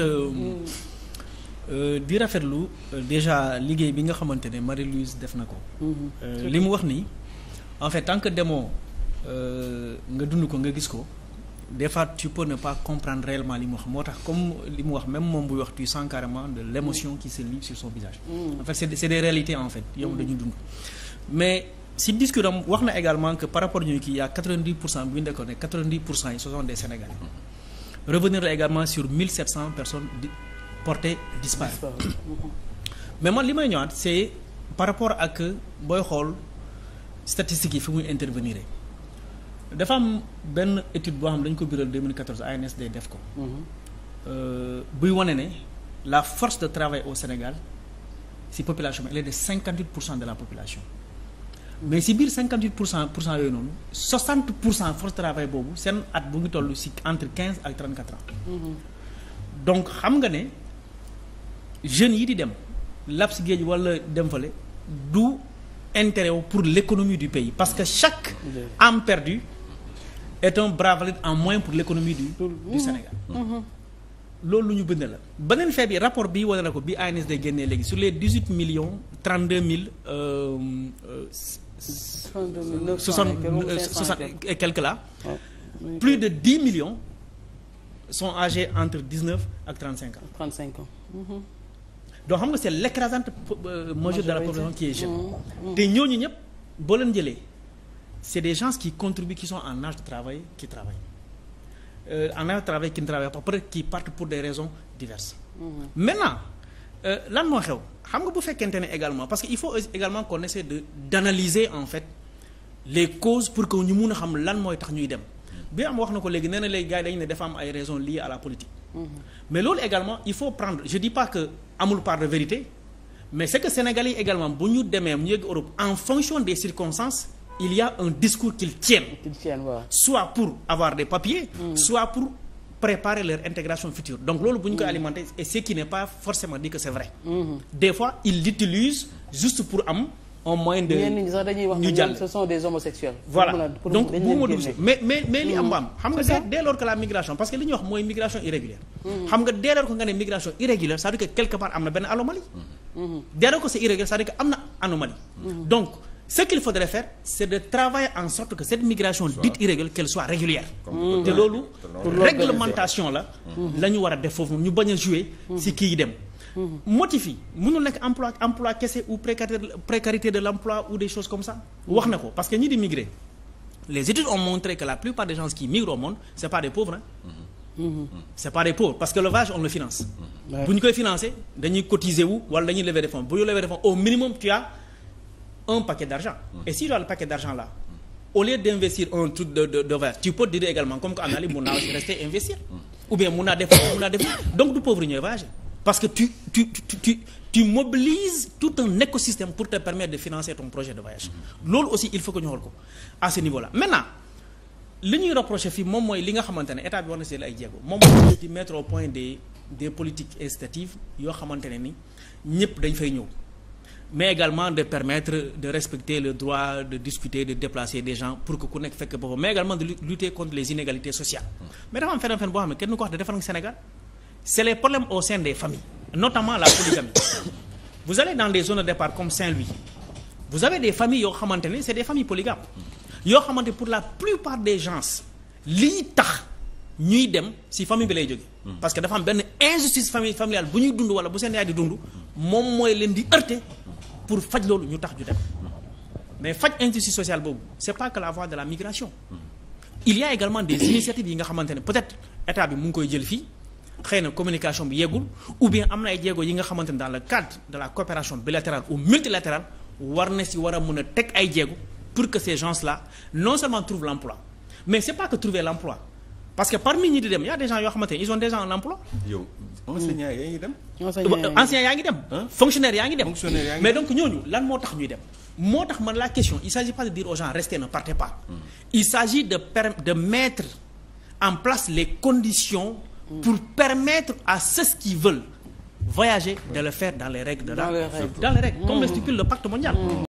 Euh, euh, di rafetlu euh, déjà liggéey bi nga xamante ne Marie-Louise def na ko. Mm-hmm. li mu wax nii en fait tant que demoo nga dund ko nga gis ko des fois tu peux ne pas comprendre réellement li mu wax moo tax comme li mu wax même moom buy wax tu sens carrément de l'émotion qui se livre sur son visage. Mm-hmm. en fait c'est des c'est en fait. yow dañu mm-hmm. dund mais. si discours wax na également que par rapport ñu kii y pour cent bu ñu nekkoon ne pour cent yi ce sont des revenir également sur 1700 personnes portées disparues. mais man li may ñëwaat c'est par rapport ak booy xool statistiques yi fi muy intervenir dafa am benn étude boo xam dañ ko biral 2014 ANSD def ko. Mm-hmm. Euh, buy wane ne la force de travail au Sénégal si population bi elle est de pour cent de la population. mais si biir cinquante pour cent pour cent yooyu noonu soixante pour cent force de boobu seen at bu ngi tollu si entre quinze ak trente quatre mhm. donc xam nga ne jeunes yi di dem lab si géej wala dem fale du intérêt wu pour l'économie du pays parce que chaque âme perdue est un bras en moins pour l'économie du du Sénégal. Mhm. loolu lu ñu bënd la beneen fait yi rapport bi wane na ko bi ANSD génnee léegi sur les dix huit millions trente deux mille. Euh, euh, soixante euh, et quelque là plus de dix millions sont âgés entre dix-neuf ak trente-cinq ans trente-cinq ans mhm. donc xam nga c'est l'écrasante euh, majorité de la population qui est jeune mhm. Mhm. te ñooñu ñëpp boo leen jëlee c'est des gens qui contribuent qui sont en âge de travail qui travaillent euh, en âge de travail qui ne travaillent pas peut-être qui partent pour des raisons diverses maintenant Euh, lan moo xew xam nga bu fekkente ne également parce que il faut également qu'on essaie de d'analyser en fait les causes pour que ñu mun a xam lan mooy tax ñuy dem bi am wax na ko léegi nee na léegi gars yi dañu ne dafa am ay raisons liées à la politique mm-hmm. mais loolu également il faut prendre je dis pas que amul par de vérité mais c'est que Sénégalais yi également bu ñu demee mu yegg Europe en fonction des circonstances il y a un discours qu'ils tiennent soit pour avoir des papiers mm-hmm. pour préparer leur intégration future donc loolu bu ñu ko alimenter et ce qui n'est pas forcément dit que c'est vrai mm-hmm. des fois ils l'utilisent juste pour am un moyen de jàll donc bu ma dugg mais mais mais li am mm-hmm. ba xam nga dès lors que la migration parce que li ñuy wax mooy migration irrégulière mm-hmm. xam nga dès lors nga ne migration irrégulière ça veut dire quelque part am na benn anomalie dès lors que c'est irrégulier ça veut am na anomalie donc ce qu'il faudrait faire c'est de travailler en sorte que cette migration dite irrégulière qu'elle soit régulière te loolu réglementation la la ñu war def foofu ñu bañ jouer si kii dem motif yi mënul nekk emploi emploi kese ou précarité de l'emploi ou des choses comme ça wax na ko parce que ñi di migrer les études ont montré que la plupart des gens qui migrent au monde c'est pas des pauvres parce que l'élevage on le finance bu ñu koy financer dañuy un paquet d'argent mm. et si tu as le paquet d'argent là au lieu d'investir un truc de de de voyage tu peux dire également comme que am naa li mun naa mm. rester investir mm. ou bien mun naa def mun naa def donc du pauvre ñooy voyager parce que tu tu tu tu tu mobilises tout un écosystème pour te permettre de financer ton projet de voyage mm-hmm. loolu aussi il faut que ñu xool ko à ce niveau là maintenant li ñuy reproché fi moom mooy li nga xamante ne état bi war na seetlu ay jéego moom mooy di mettre au point des des politiques incitatives yoo xamante ne ni ñëpp dañ fay ñëw mais également de permettre de respecter le droit de discuter de déplacer des gens pour que ku nekk fekk boppam mais également de lutter contre les inégalités sociales. mais dafa am feneen feneen boo xam ne kenn du ko wax defar nga Sénégal c'est les problèmes au sein des familles notamment la polygamie vous allez dans des zones de départ comme Saint-Louis vous avez des familles yoo xamante ne c'est des familles polygames yoo xamante pour la plupart des gens lii tax ñuy dem ci famille lay jóge parce que dafa benn injustice famille familiale bu ñuy dund wala bu seen yaay di moom mooy leen di heurter pour faj loolu ñu tax ju dem mais faj injustice sociale boobu c'est pas que la voie de la migration il y également des initiatives yi nga xamante ne peut-être état bi mu ngi koy jël fii xëy na communication bi yeggul ou bien am na ay jéego yi nga xamante ne dans le cadre de la coopération bilatérale ou multilatérale war na si war a mun a teg ay jéego pour que ces gens-là non seulement trouvent l'emploi mais c'est pas que trouver l'emploi parce que parmi ñi di dem y' a des gens yoo xamante ne ils ont déjà un emploi. yow yaa ngi dem. enseignants yaa ngi dem. mais donc ñooñu lan moo tax ñuy dem. moo tax man la question il s'agit pas de dire aux gens restez ne partez pas. Hmm. il s'agit de mettre en place les conditions. Hmm. pour permettre à ceux qui veulent voyager de le faire dans les règles de la. dans les règles comme le hmm. stipule le pacte mondial.